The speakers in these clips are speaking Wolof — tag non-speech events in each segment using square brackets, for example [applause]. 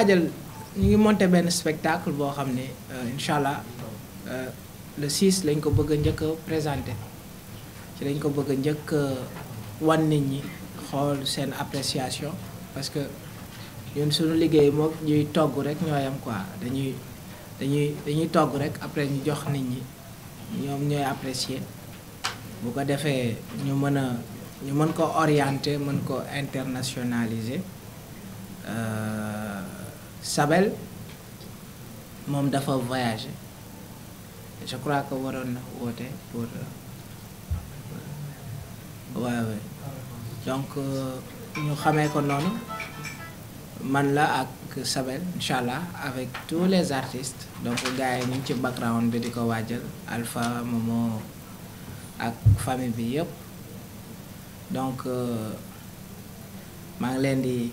waajal ñu ngi monter benn spectacle boo xam ne euh, incha allah euh, le 6 lañ ko bëgg njëkk a présenté ci lañ ko bëgg a njëkk wan nit ñi xool seen appréciation parce que ñun sunu liggéey moom ñuy togg rek ñooyam quoi dañuy dañuy dañuy togg rek après ñu jox nit ñi ñoom ñooy apprécier bu ko defee ñu mën a ñu mën ko orienter mën ko internationaliser. Euh, Sabel moom dafa voyagé je crois que waroon na woote pour waaw donc euh, ñu xamee ko noonu man la ak Sabel incha allah avec tous les artistes donc gars yi ñu ci background bi di ko waajal Alpha Momo ak famille bi yëpp donc euh, maa ngi leen di.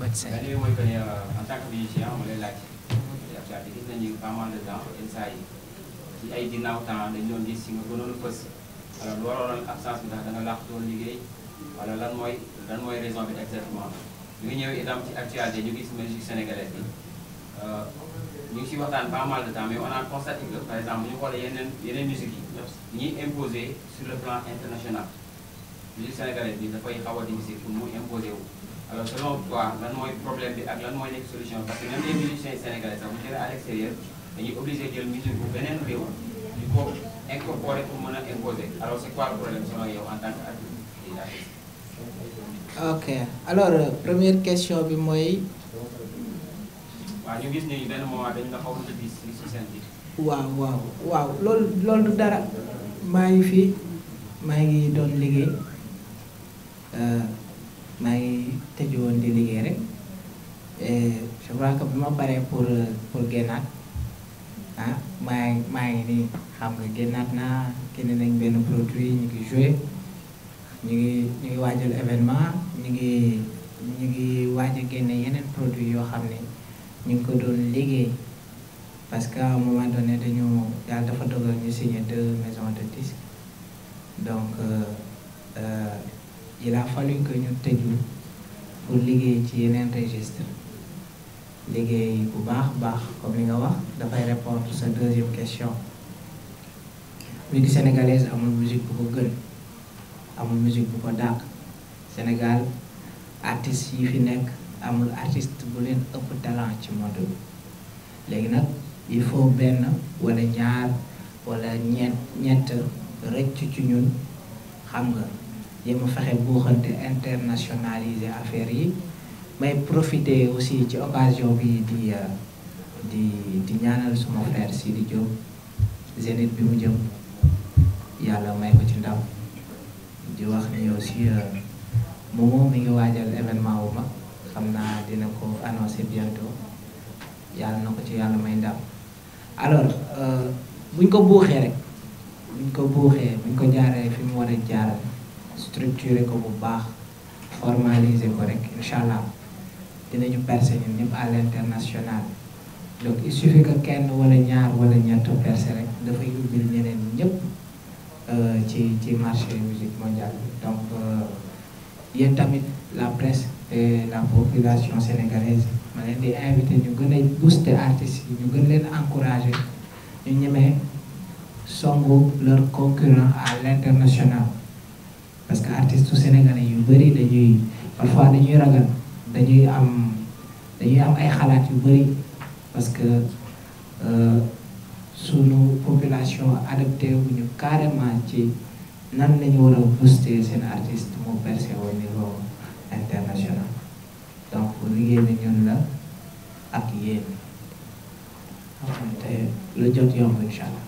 bët seen beneen mooy que ne en tant que musicien ma lay laaj yaakaar gis nañu pas mal de temps instant yi ci ay ginnaaw temps dañu doon gis si nga gënoon a fës alors lu waroon absence bi ndax da nga liggéey wala lan mooy lan mooy raison bi exactement ñu ñëw itam ci actualité ñu gis musique sénégalaise bi ñu ngi siy waxtaan pas mal de temps mais on a constaté que par exemple bu ñu xoolee yeneen yeneen musique yi ñuy imposé sur le plan international musique bi dafay xaw a pour mu imposé wu. alors selon toi lan mooy problème bi solution parce que dañuy obligé jël beneen réew di ko incorporer pour mën a imposer alors c'est quoi le problème question bi mooy. waaw ñu gis ni benn moment dañu si seen bi. waaw waaw waaw dara maa ngi fi maa ngi doon liggéey. Euh, sànq bi ma paree pour pour génnaat ah maa maa ngi nii xam nga génnaat naa keneen ak benn produit ñu ngi joué ñu ngi ñu ngi waajal événement ñu ngi ñu ngi waaj a génne yeneen produit yoo xam ne ñu ngi ko doon liggéey parce que à un moment donné dañu yàlla dafa dogal ñu signé deux maisons de disques donc euh, euh, il a fallu que ñu tëju pour liggéey ci yeneen registre léegi bu baax baax comme li nga wax dafay répondre sa deuxième question musique sénégalaise amul musique bu ko gën amul musique bu ko dàq Sénégal artistes yi fi nekk amul artiste bu leen ëpp talent ci moto bi léegi nag il faut benn wala ñaar wala ñeent ñett rëcc ci ñun xam nga yéem a fexe buuxante internationaliser affaire yi may profité aussi ci occasion bi di euh, di di ñaanal suma frère Sidi Diop Zénith bi mu jëm yàlla may ko ci ndaw di wax ni aussi euh, moomoo mi ngi waajal événement wu ma xam naa dina ko annoncer bientôt yàlla na ko ci yàlla may ndam alors euh, buñ ko buuxee rek buñ ko buuxee buñ ko jaaree fi mu war a jaar structurer ko bu baax formaliser ko rek incha allah. dinañu percé ñun ñëpp à l'international donc il suffit que kenn wala ñaar wala ñett percé rek dafay ubbil ñeneen ñëpp euh, ci ci marché musique mondiale donc euh, yéen tamit la presse et la population sénégalaise ma leen di invité ñu gën a booster artistes yi ñu gën leen encourager ñu ñemee songu leur concurrent à l'international parce que artistes sénégalais yu bëri dañuy parfois dañuy ragal dañuy am dañuy am ay xalaat yu bëri parce que euh, sunu population adapté wuñu carrément ci nan lañu war a booster seen artiste mu percé au international donc liggéey bi ñun la ak yéen xamante lu jot yomb incha allah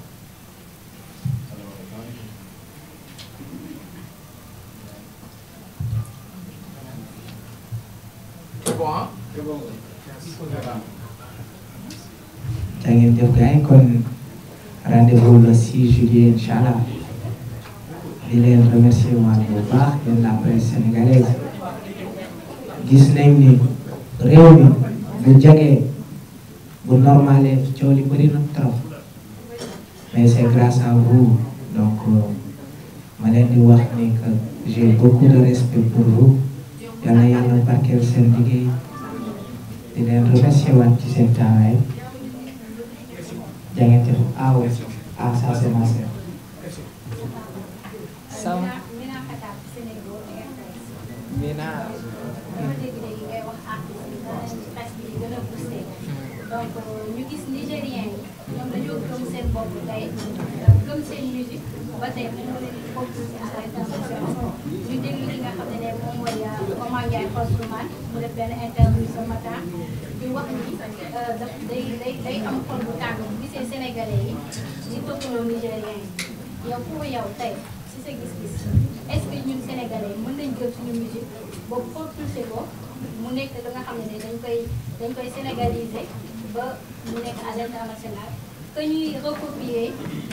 jaa ngeen jëf gars yi kon rendez-vous le 6 juillet incha allah di leen remercier waale bu baax yéen la presse sénégalaise gis nañ ni réew mi bu jagee bu normalé coow li bëri na trop mais c'est grâce à vous donc ma leen di ni que j'ai beaucoup de respect pour vous na yàlla barkeel seen liggéey di leen remercier waat ci seen taxawaay Diagne Ah oui. ñu gis Nigériens yi ñoom dañoo gëm seen bopp ba tey ñu ngi leen di focus ci ñu déglu li nga xam ne moom mooy Maman Ndiaye Fass Soumane mu def benn interview ce matin di wax ni euh, day day am xol bu tàng bu gisee sénégalais yi di toppaloo nigériens yi yow pour yow tey si sa gis-gis est ñun sénégalais mën nañ jël suñu musique boobu propulsé ko mu nekk da nga xam ne dañ koy dañ koy sénégaliser ba mu nekk à l'international que ñuy recopier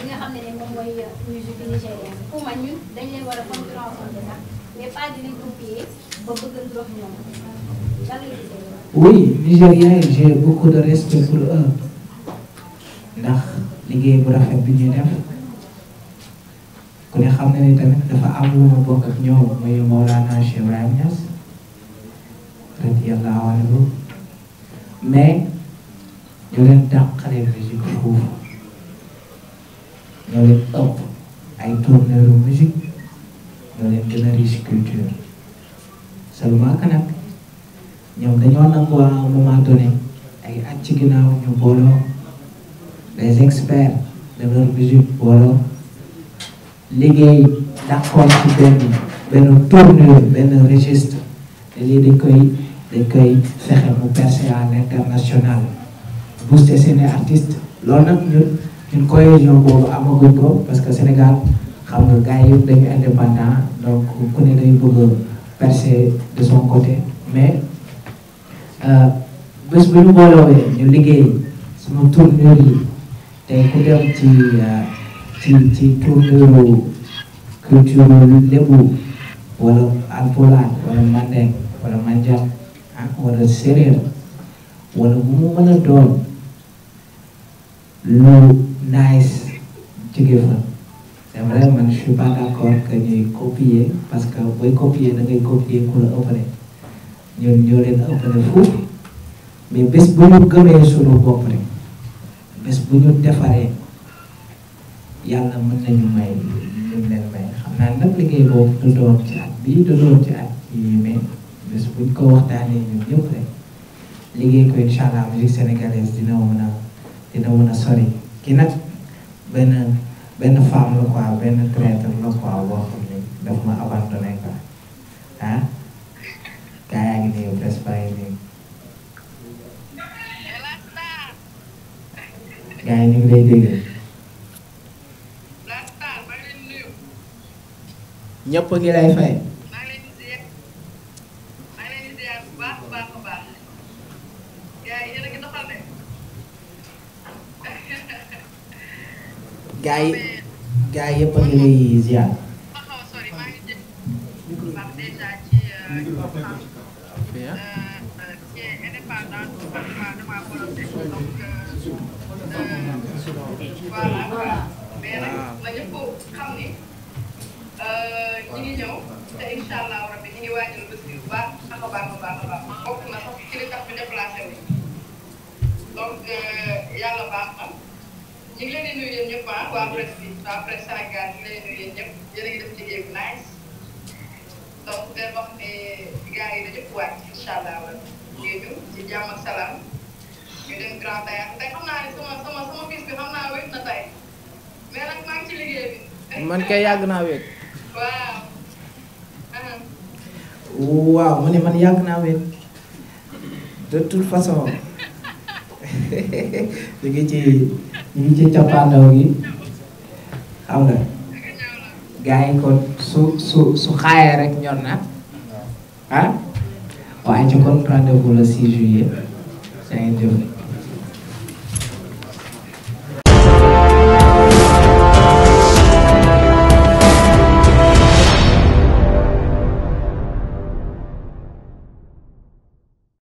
li xam ne moom mooy musique nigérienne pour man ñun dañ war a concurrence sax mais pas di leen copier ba bëgg ndox ñoom lan la gisee. oui Nigériens yi j'ai beaucoup de respect pour eux ndax liggéey bu rafet bi ñuy def ku ne xam na ni tamit dafa am lu ma bokk ak ñoom muy Mawlana Cheikh Ibrahim Niass radiyallahu anhu mais ñoo ñoo leen gën dañoo nangu à un moment donné ay at ci ginnaaw ñu booloo les experts de leur musique booloo liggéey d'accord ci benn benn benn registre te lii dañ koy dañ koy fexe mu percer à l'international booster seeni artistes loolu ñun ñun cohésion boobu amaguñ ko parce que Sénégal xam nga gars yi yëpp dañu indépendant donc ku ne day bëgg a de son côté mais euh, bés bu ñu boolewee ñu liggéey suñu tournure yi ku dem ci euh, ci ci tournure culture lébu wala alpulaar wala mandeng wala ah wala séeréer wala bu mu mën doon lu nice jóge fa c'est vrai man je suis pas d'accord que ñuy copier parce que booy copie da ngay ku la ëppale ñun ñoo leen ëppale foofu mais bés bu ñu gëmee sunu bopp rek bu ñu defaree yàlla mën nañu may ñu leen may xam naa nag liggéey boobu du ci at bii du ci at yii mais ko waxtaanee ñun ñëpp rek liggéey ko incha allah musique dina mën a dina mën a sori ki nag benn. benn femme la quoi benn traître la quoi boo xam ne daf ma abandonné quoi ah gaa yaa ngi nii presse baa ngi nii gaa yi ñu ngi lay dégg ñëpp ngi lay fay gaa yi gaa yi yëpp a ngi lay ziar. ñu ngi ñëw te incha allah rabbi ñu ngi waajal bés bi bu baax a baax a baax a baax bokk na sax ci li tax ñu déplacé ñu ngi leen di nuyu yéen ñëpp ah waa presse bi waa presse Sénégal ñu ngi leen di nuyu yéen ñëpp yéen a ngi def liggéey bu nice donc di leen wax ne gars yi dañu ko wàcc incha allah wala ñu ci jàmm ak salaam ñu dem Grand Théâtre tey xam naa ne sama sama sama bis bi xam naa wéet na tey mais nag maa ngi ci liggéey bi. man kay yàgg naa wéet. waaw. waaw mu ne man yàgg naa wéet de toute façon da [laughs] nga ci. ñu ngi ci cappaandaw gi xam nga gars yi kon su su su xaayee rek ñor na ah waaye ci kon rendez-vous le 6 juillet da ngeen jëf